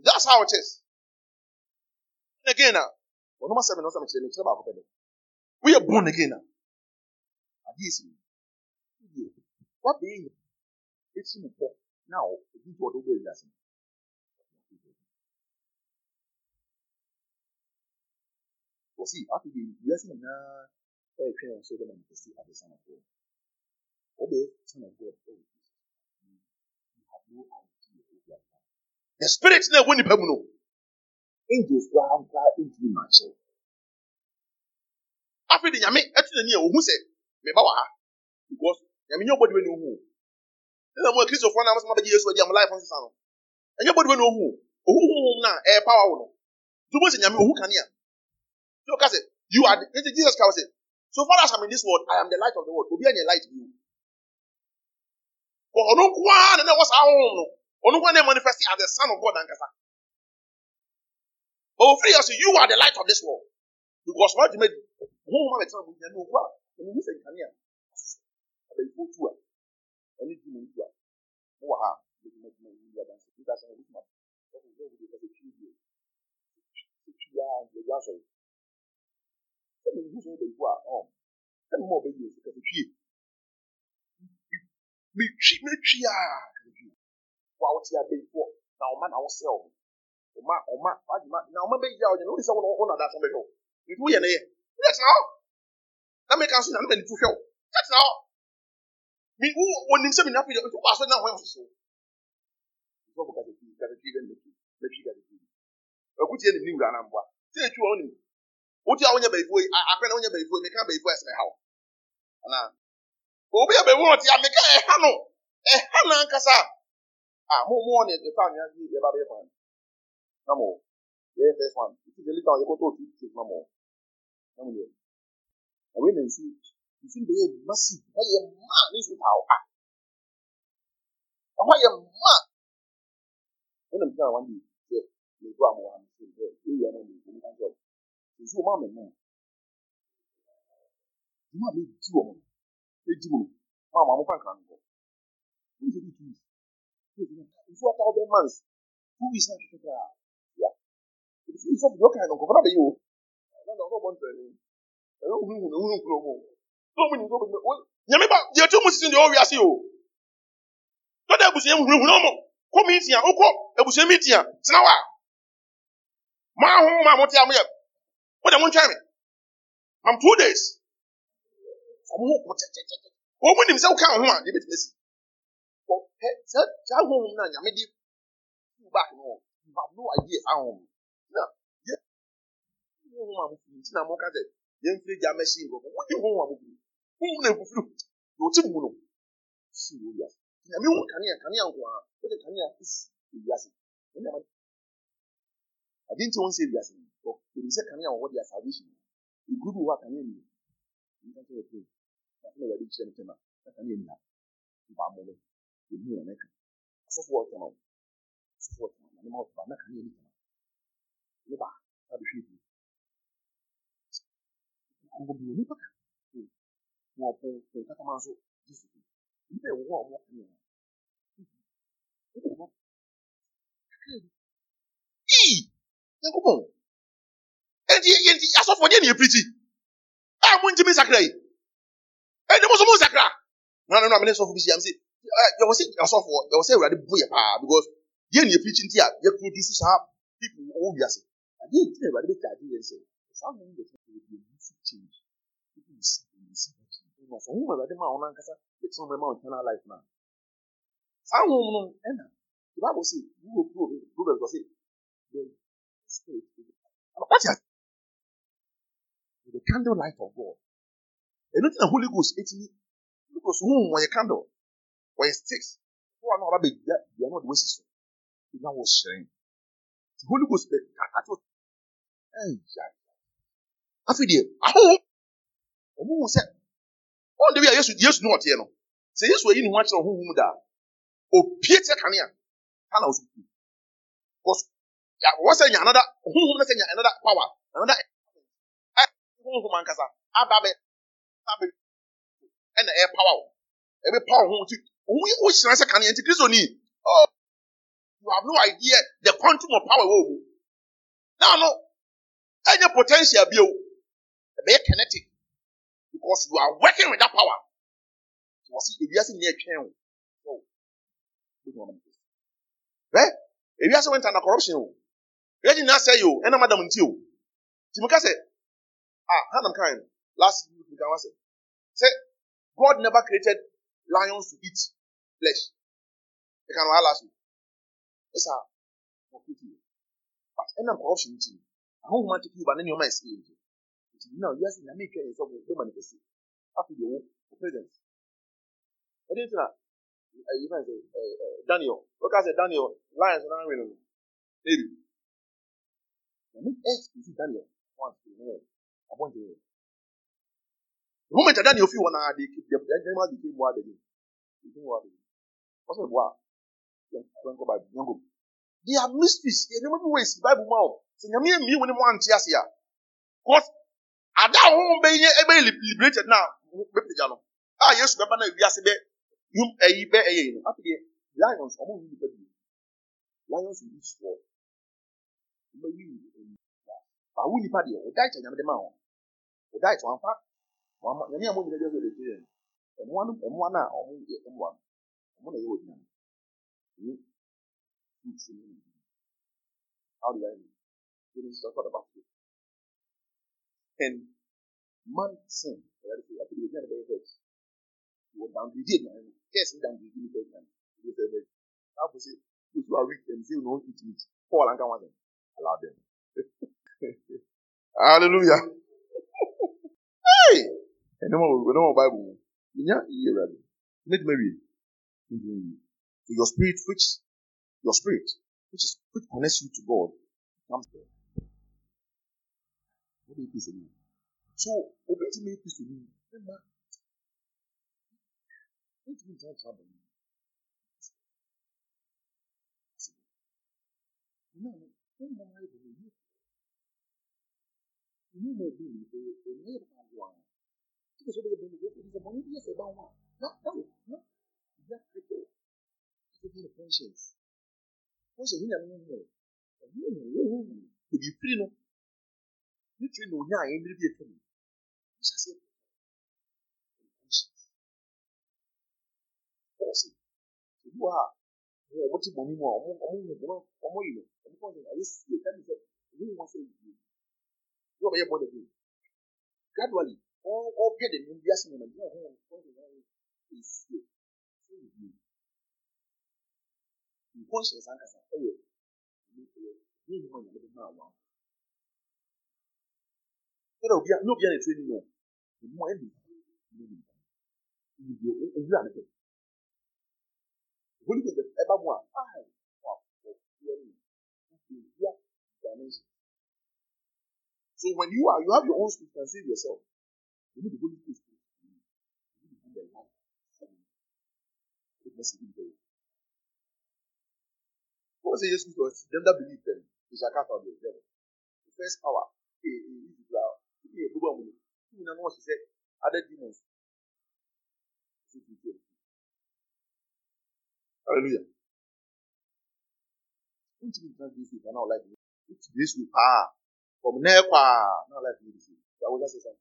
That's how it is. And again, now, one number seven, number seven, number seven, we are born again e, now. At this, what being? It's simple. Now, it's what we are doing. wɔsi afidie wiase nyinaa ɛretwɛn wɔn so bɛma nipasi adi son of god wɔbɛyɛ son of god ɛwɔ jesus you have no idea o bia ta the spirit na ɛwɔ nipa mu no angels kura nkura ntumi ma kyerɛ afidie nyame ɛte n'ani a ohu sɛ mɛba wɔ ha because nyame nyɛ ɔbɔdiwɛ na ohu o ɛna mu akristofoɔ na amasoma bɛgye yesu adi amu laifu nsesa no ɛnyɛ ɔbɔdiwɛ na ohu o ohu hum na ɛɛpawa wɔ no dubu sɛ nyame ohu You can say, You are the, Jesus Christ said, So far as I'm in this world, I am the light of the world. To be any light be you. But ọdún kwa na na wasa ahụhụ no ọdún na manifest as the son of God ankasa. But ofiri yasi you are the light of this world because wọ́n ti mẹ́ hu ma bẹ̀ tẹ́lẹ̀ bóyá ní òkú a ẹni yìí sẹ̀ nkàní a ẹ̀bẹ̀ ìfowó tu a a wọ́n wà ha ẹni dùn ní tu a ẹni dùn ní tu a ẹni dùn ní tu a ẹni dùn ní tu a ẹni dùn ní tu a ẹni sɛ mehu so bɛgu a ɔ sɛ mema ɔbɛyɛ sika sɛ hwie metwi metwi a wa wote abɛyifoɔ na ɔma na wosɛ wo ɔma ɔma adwuma na ɔma bɛyia wo nyɛ na wode sɛ wo na adaasa bɛhwɛ wo nti woyɛ ne yɛ woyɛ tena hɔ na meka so nyame mani to hwɛ wo sɛ tena hɔ wɔnim sɛ menyafo yɛ nti wobaa sɛ na hɔ nsoso nti wɔbɔ gadadwi gadadwi bɛ mmɛtwi mɛtwi gadadwi akutie ne ne wura na mboa sɛ ɛtwi wɔ nim wotu a wonyɛ bɛyifuo yi akpɛ na wonyɛ bɛyifuo yi meka bɛyifuo ɛsɛ ha o ana obi a bɛyifuo ɔte a meka ɛha no ɛha na ankasa a mo mo ɔne ɛfa anwea yi yɛ ba bɛyɛ fan na mo yɛ yɛ first one etu yɛ lita yɛ kɔtɔ otu tu na mo na mo yɛ ɛwɛ na nsu nsu bɛ yɛ masi ɛyɛ ma ne nsu ta ɔha ɛhɔ yɛ mmaa ɛna mo tena wɔn de yɛ mɛ du a mo wɔ ano so yɛ eyi yɛ na mo yɛ mo kan juma mene juma mi di wɔn edi mu ma wɔn amofa nkran nkɔ wɔn ti di two weeks two weeks na nfu ata ɔbɛn months two weeks na kete kra ya ebi nfa bi ɔkan no nkɔfra bɛyi o ɛna na ɔbɛbɔ ntɛni ɛna ohun hun ohun nkuro mu tó mu nìkan bɛ wɔn nyame ba yɛ tó mu sisi deɛ ɔwi ase o lɔdɛ abusua mu hunahuna mu kɔ mi tia okɔ abusua mi tia tena wa maa ho maa mo te a mo yɛ wọ́n dẹ̀ mú ntwẹ́ mi I'm two days ọmọ wọn kọ tẹtẹtẹtẹ wọn mu nim sẹ ọka ọhún a ní ebi tẹmẹ si ọ ẹ sẹ sẹ ahọhún náà nyame di fún báàkì náà you have no idea ahọhún na yẹ wọn hùwà mo fún mi tí na mo ká sẹ yẹn fi gya mẹsì nǹkan wọn yẹ wọn hùwà mo fún mi wọn hùwà mo fún mi yóò ti mu no sí ìwé wíyá nyame hùwà kanea kanea nkwa ó de kanea sí ìwé wíyá sí ẹ ní àmà àdín tí wọn but when you say can you what their salvation the group who are can you you can say okay na fún ẹ̀rọ ìdíje ẹni tẹ́lá na can you nà nfa mọ́lẹ̀ èmi ò nẹ́ka asọ́fọ́ ọ̀tọ̀ náà asọ́fọ́ ọ̀tọ̀ náà nímọ̀ ọ̀tọ̀ náà can you nìkan níbà láti fi ìdí kókó bí onípa kan wọn ọ̀pọ̀ ọ̀pọ̀ ìkàtà máa ń sọ jésù kù níbẹ̀ wọ́n ọmọ kan yẹn ó kò mọ́ kíkẹ́ yìí yankun bọ̀ enti enti asɔfo nyɛ nea pirikyi a mo ntumi nsakra yi ɛdi e, mo nso mo nsakra na na na amene sɔfo bi si am si yɛwɔ sɛ eh, asɔfo yɛwɔ sɛ awurade bo yɛ paa because yɛ nea pirikyi nti a yɛ produce saa people wɔ wiase adi yɛ ntina awurade bɛ kya adi yɛn sɛ saa mo yɛ sɛ yɛ yɛ yusu change yɛ yɛ si yɛ yɛ si yɛ si yɛ ma sɛ ɔmo ma awurade ma ɔno ankasa yɛ e, ti ɔmo ma ɔn tɛn alive na saa mo no ɛna e the bible say wúwo kúrò bẹ́ẹ̀ bẹ́ẹ̀ bẹ́ẹ̀ sọ say the spirit is the power the candle light of God. Anything the Holy Ghost actually because whom when your candle, when your sticks, who are not baby, they are not wasted. It now was sharing. The Holy Ghost said, I thought, hey, after the the home, ọmọ sẹ ọmọ oh, dẹbi a yesu yesu náà ọtí yẹ no sẹ yesu ẹyin ni wọn akyerẹ ọhún mu daa opie tiẹ kanea hana osu kuu because wọ́n sẹ nya anada ọhún mu sẹ nya another power another honhom ankasa aba abɛ abɛ ɛna ɛɛpawa wo ɛbɛ pawa ho ti ohun yi ohyira sɛ kanea nti kristo ni oh you have no idea the quantum of power wɔ mu naa no ɛnyɛ potential bio ɛbɛyɛ kinetic because you are working with that power wɔsi ewiase nyɛ twɛn o bɛ ewiase wɛnta na corruption o ewiase nyinaa sɛ yi o ɛna madam nti o tìmika sɛ. Ah, hand I'm carrying. Last week we can answer. Say, God never created lions to eat flesh. They can last week. Yes, sir. But end up corruption to I hope man take you, but then your mind is still you. Now, yes, in America, it's all the manifest. After your own presence. I didn't know. You can eh, say, eh, eh, Daniel. Look, I said, Daniel, lions are not real. Maybe. Now, make X is Daniel. One, two, three, ọmọ nje yẹn the moment ẹ̀dá ni o fi wọn náà de keep them ẹ̀dá ma de keep wa de bi de keep wa de bi wọ́n sọ ìbúwa yẹn kọ́ nkọ́ báyìí yẹn kọ́ they are mysteries yẹn ní ọmọbi wẹ̀sì báyìí mu àwọn sẹ nyàmú yẹn mìíràn ni wọ́n ti ase à cause ada ahohom bẹ́ẹ̀ yẹn ẹ bẹ́ẹ̀ liberated náà ah, bẹ́ẹ̀ pèjà no a yẹsu bẹ́ẹ̀ bá náà wíyá se bẹ́ẹ̀ yum ẹ̀yí bẹ́ẹ̀ ẹ̀yẹ yìí no after yẹn lions ọmọ yìí nípa lions will be strong ọmọ yìí nípa bìí àwọn nípa deɛ ɔda kyɛ nyame without one part. One more, any amount of the vegetarian. And one, and one, uh, or only eight and one. I'm going to go with them. You, you see me. How do I mean? You need to talk about it. And man sin, right? I could be very hurt. You were downgraded, man. Yes, you downgraded me, man. You were very How to say, those who are weak and say, no, Paul and Gawain, allow them. Hallelujah. ɛnam a ɛnam a bible mu nya yie awurade mɛtuma your spirit which your spirit which is which connects you to god comes there wọ́n bẹ pèsè mi so obi ti mi pèsè mi ẹ ma ẹ ti mi do Because over the day, it is a money, yes, about one. Not, no, no. Black people, it's a kind of conscience. Wọ́n ṣe yín àná nínú ẹ̀, ẹ̀mí ọ̀nà ìwé òun wù, èmi firi nù. Nítorí nà ònyá àyè mìíràn bí ètò mi, wọ́n ṣe ṣe ẹ̀kọ́ conscience. Bọ́lá sí, èmi wà á, àwọn ọmọ tí mọ̀ mímọ́, ọmọ ìwọ̀n, ọmọ ìwọ̀n, ọmọ kọ́ni, àyè sí ẹ̀ká mi sọ, èmi wọ́n ṣe ìwé. Yóò bá yẹ bọ́ọ̀dẹ̀ bí. Gradually, ɔbɛ de ne biase mu na gyina hɔ ɔde ne ho esie so ne bi nkɔnhyɛnsa ankasa ɛyɛ ne ɛyɛ ne nyɛ ɔnyɛ de maa wa ɛna obi a ne obi a na ɛtɛ ne mu a emu a ɛna ne mu ne bi owura ne pɛ holy spirit ɛba mu a ayi wa wɔ wɔ ne mu ne bi a dimension so when you are you have your own spirit and save yourself. You need to go to school. You need to build a life family. It must be there. What was Jesus Christ? Them that believe them, they shall cast out the devil. The first power, He. is the power. A global woman. You know what she said? Other demons. Hallelujah. Won't you be trying to do this? I now like this. This will power. From now, now like this. That was just something.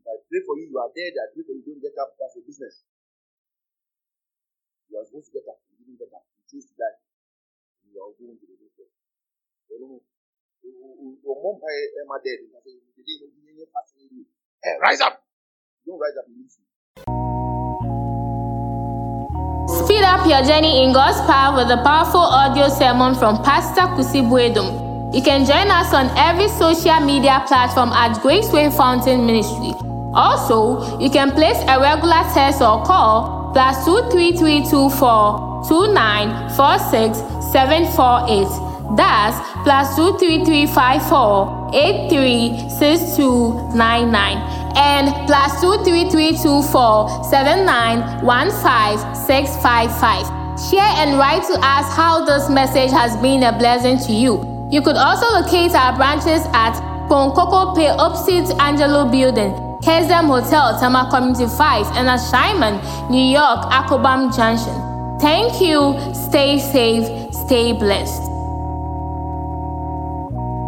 If I pray for you, you are dead. I pray for you, don't get up. That's your business. You are supposed to get up. You didn't get up. You choose to die. And you are going to the next omompa ɛma dɛ ɛdi kase ɛdi ɛdi ɛdi ɛdi pasi ɛdi ɛ rise up don't rise up you lose. Speed up your journey in God's power with a powerful audio sermon from Pastor Kusi Buedum. You can join us on every social media platform at Graceway Fountain Ministry. Also, you can place a regular text or call plus 23324 2946748. That's plus and plus 23324 Share and write to us how this message has been a blessing to you. You could also locate our branches at Ponkoko Pay Upstairs Angelo Building Kesem Hotel, Tama Community 5, and at Shyman, New York, Akobam Junction. Thank you. Stay safe. Stay blessed.